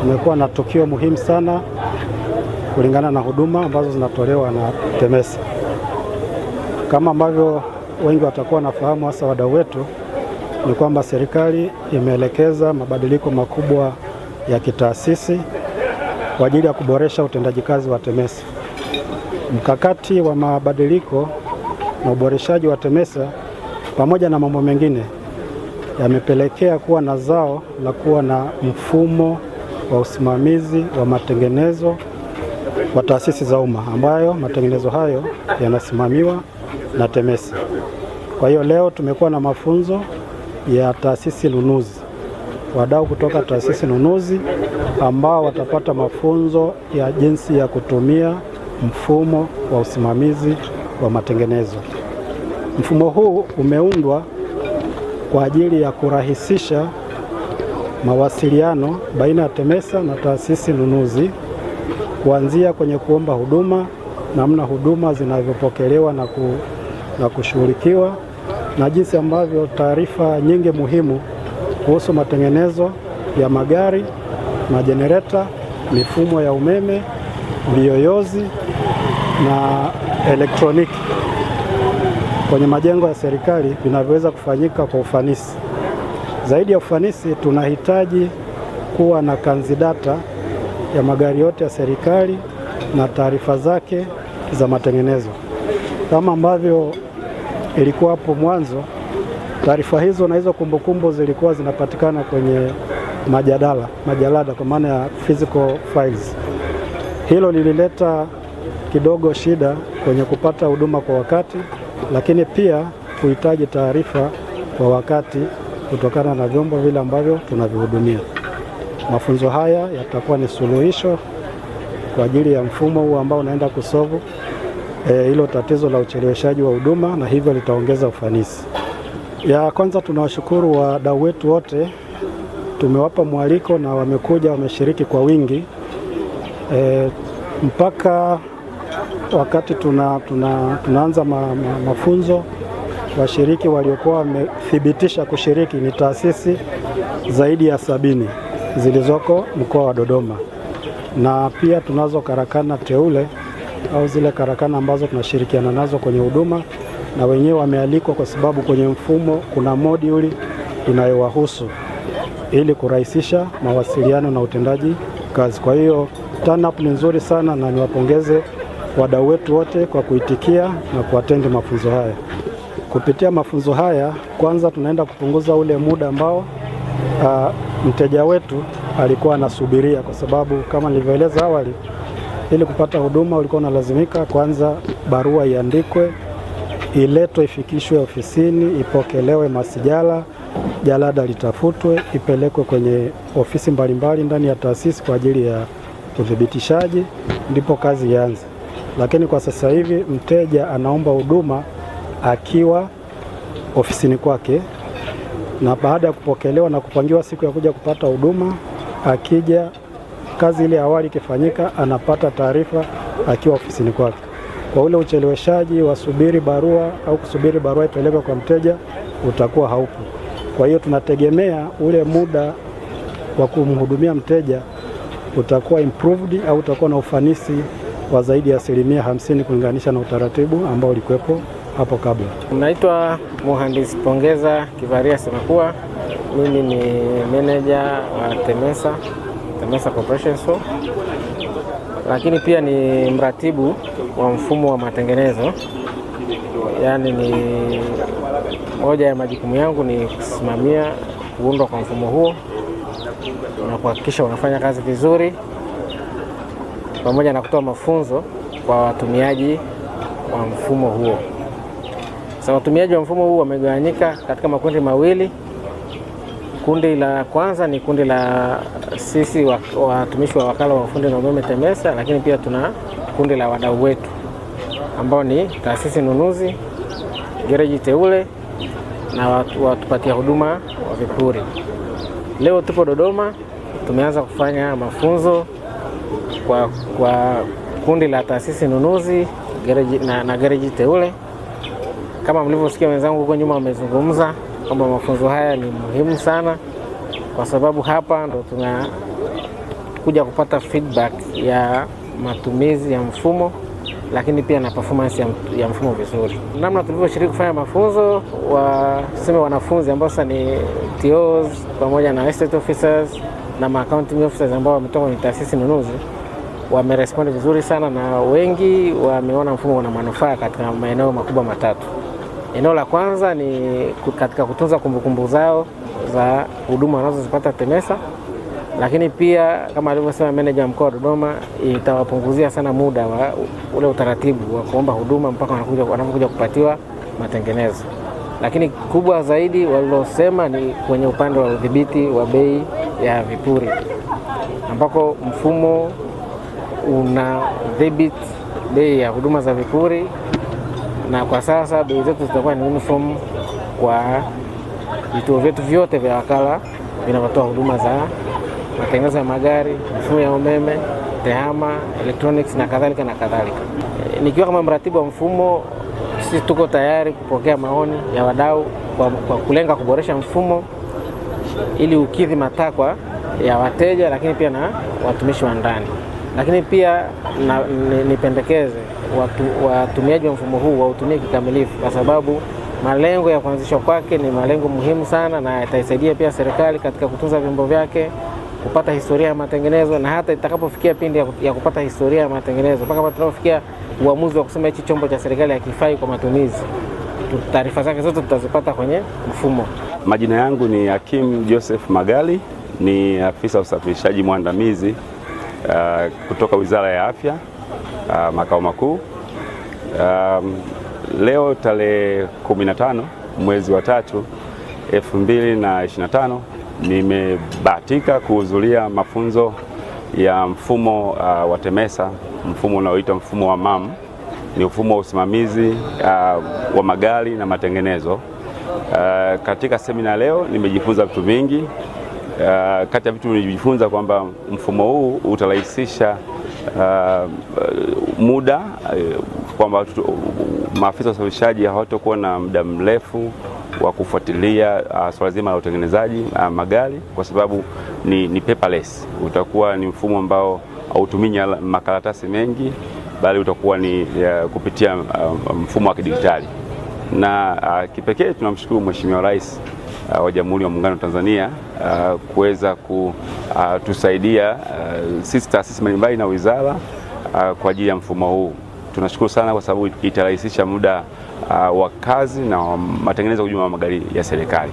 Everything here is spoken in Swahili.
tumekuwa na tukio muhimu sana kulingana na huduma ambazo zinatolewa na TEMESA. Kama ambavyo wengi watakuwa wanafahamu, hasa wadau wetu, ni kwamba serikali imeelekeza mabadiliko makubwa ya kitaasisi kwa ajili ya kuboresha utendaji kazi wa TEMESA. Mkakati wa mabadiliko na uboreshaji wa TEMESA pamoja na mambo mengine yamepelekea kuwa na zao la kuwa na mfumo wa usimamizi wa matengenezo wa taasisi za umma ambayo matengenezo hayo yanasimamiwa na TEMESA. Kwa hiyo leo tumekuwa na mafunzo ya taasisi nunuzi, wadau kutoka taasisi nunuzi ambao watapata mafunzo ya jinsi ya kutumia mfumo wa usimamizi wa matengenezo. Mfumo huu umeundwa kwa ajili ya kurahisisha mawasiliano baina ya TEMESA na taasisi nunuzi kuanzia kwenye kuomba huduma, namna huduma zinavyopokelewa na, ku, na kushughulikiwa na jinsi ambavyo taarifa nyingi muhimu kuhusu matengenezo ya magari, majenereta, mifumo ya umeme, viyoyozi na elektroniki kwenye majengo ya serikali vinavyoweza kufanyika kwa ufanisi. Zaidi ya ufanisi, tunahitaji kuwa na kanzidata ya magari yote ya serikali na taarifa zake za matengenezo kama ambavyo ilikuwa hapo mwanzo. Taarifa hizo na hizo kumbukumbu zilikuwa zinapatikana kwenye majadala majalada, kwa maana ya physical files. Hilo lilileta kidogo shida kwenye kupata huduma kwa wakati, lakini pia kuhitaji taarifa kwa wakati kutokana na vyombo vile ambavyo tunavihudumia. Mafunzo haya yatakuwa ni suluhisho kwa ajili ya mfumo huu ambao unaenda kusovu e, hilo e, tatizo la ucheleweshaji wa huduma na hivyo litaongeza ufanisi. Ya kwanza tunawashukuru wadau wetu wote, tumewapa mwaliko na wamekuja wameshiriki kwa wingi e, mpaka wakati tuna, tuna, tunaanza ma, ma, mafunzo washiriki waliokuwa wamethibitisha kushiriki ni taasisi zaidi ya sabini zilizoko mkoa wa Dodoma, na pia tunazo karakana teule au zile karakana ambazo tunashirikiana nazo kwenye huduma, na wenyewe wamealikwa kwa sababu kwenye mfumo kuna moduli inayowahusu ili kurahisisha mawasiliano na utendaji kazi. Kwa hiyo up ni nzuri sana, na niwapongeze wadau wetu wote kwa kuitikia na kuatendi mafunzo haya. Kupitia mafunzo haya, kwanza tunaenda kupunguza ule muda ambao a, ah, mteja wetu alikuwa anasubiria, kwa sababu kama nilivyoeleza awali, ili kupata huduma ulikuwa unalazimika kwanza barua iandikwe, iletwe, ifikishwe ofisini, ipokelewe masijala, jalada litafutwe, ipelekwe kwenye ofisi mbalimbali ndani ya taasisi kwa ajili ya uthibitishaji, ndipo kazi ianze. Lakini kwa sasa hivi mteja anaomba huduma akiwa ofisini kwake, na baada ya kupokelewa na kupangiwa siku ya kuja kupata huduma, akija kazi ile awali ikifanyika, anapata taarifa akiwa ofisini kwake. Kwa ule ucheleweshaji wasubiri barua au kusubiri barua ipelekwe kwa mteja utakuwa haupo. Kwa hiyo tunategemea ule muda wa kumhudumia mteja utakuwa improved au utakuwa na ufanisi wa zaidi ya asilimia hamsini kulinganisha na utaratibu ambao ulikuwepo hapo kabla. Naitwa Muhandisi Pongeza Kivaria Semakua, mimi ni meneja wa TEMESA, TEMESA Corporation so, lakini pia ni mratibu wa mfumo wa matengenezo. Yaani ni moja ya majukumu yangu ni kusimamia kuundwa kwa mfumo huo na kuhakikisha unafanya kazi vizuri, pamoja na kutoa mafunzo kwa watumiaji wa mfumo huo. Sasa watumiaji wa mfumo huu wamegawanyika katika makundi mawili. Kundi la kwanza ni kundi la sisi watumishi wa wakala wa ufundi na umeme TEMESA, lakini pia tuna kundi la wadau wetu ambao ni taasisi nunuzi, gereji teule na watu, watupatia huduma wa vipuri. Leo tupo Dodoma, tumeanza kufanya mafunzo kwa, kwa kundi la taasisi nunuzi gereji, na, na gereji teule kama mlivyosikia wenzangu huko nyuma wamezungumza kwamba mafunzo haya ni muhimu sana, kwa sababu hapa ndo tunakuja kupata feedback ya matumizi ya mfumo lakini pia na performance ya mfumo vizuri. Namna tulivyoshiriki kufanya mafunzo, waseme wanafunzi ambao sasa ni TOs pamoja na estate officers na accounting officers ambao wametoka kwenye taasisi nunuzi wamerespond vizuri sana, na wengi wameona mfumo una manufaa katika maeneo makubwa matatu. Eneo la kwanza ni katika kutunza kumbukumbu zao za huduma wanazozipata TEMESA, lakini pia kama alivyosema meneja mkoa wa Dodoma, itawapunguzia sana muda wa ule utaratibu wa kuomba huduma mpaka wanapokuja kupatiwa matengenezo. Lakini kubwa zaidi walilosema ni kwenye upande wa udhibiti wa bei ya vipuri, ambako mfumo unadhibiti bei ya huduma za vipuri na kwa sasa bei zetu zitakuwa ni uniform kwa vituo vyetu vyote vya wakala vinavyotoa huduma za matengenezo ya magari, mifumo ya umeme, tehama, electronics na kadhalika na kadhalika. nikiwa kama mratibu wa mfumo, sisi tuko tayari kupokea maoni ya wadau kwa, kwa kulenga kuboresha mfumo ili ukidhi matakwa ya wateja, lakini pia na watumishi wa ndani lakini pia na, nipendekeze watu, watumiaji wa mfumo huu wautumie kikamilifu, kwa sababu malengo ya kuanzishwa kwake ni malengo muhimu sana, na itaisaidia pia serikali katika kutunza vyombo vyake kupata historia ya matengenezo na hata itakapofikia pindi ya kupata historia ya matengenezo mpaka pale tunapofikia uamuzi wa kusema hichi chombo cha serikali hakifai kwa matumizi, taarifa zake zote tutazipata kwenye mfumo. Majina yangu ni Hakim Joseph Magali, ni afisa usafirishaji mwandamizi uh, kutoka Wizara ya Afya uh, makao makuu um, leo tarehe 15 mwezi wa tatu 2025 nimebahatika kuhudhuria mafunzo ya mfumo uh, wa TEMESA, mfumo unaoitwa mfumo wa MAM. Ni mfumo wa usimamizi uh, wa magari na matengenezo. Uh, katika semina leo nimejifunza vitu vingi Uh, kati ya vitu nilijifunza kwamba mfumo huu utarahisisha uh, muda uh, kwamba maafisa wa usafirishaji hawatakuwa na muda mrefu wa kufuatilia uh, swala zima la utengenezaji uh, magari kwa sababu ni, ni paperless. Utakuwa ni mfumo ambao hautumii makaratasi mengi, bali utakuwa ni uh, kupitia uh, mfumo wa kidijitali na uh, kipekee tunamshukuru Mheshimiwa Rais uh, wa Jamhuri ya Muungano wa Tanzania uh, kuweza kutusaidia uh, uh, sisi taasisi mbalimbali na wizara uh, kwa ajili ya mfumo huu. Tunashukuru sana kwa sababu itarahisisha muda uh, wa kazi na matengenezo ya huduma magari ya serikali.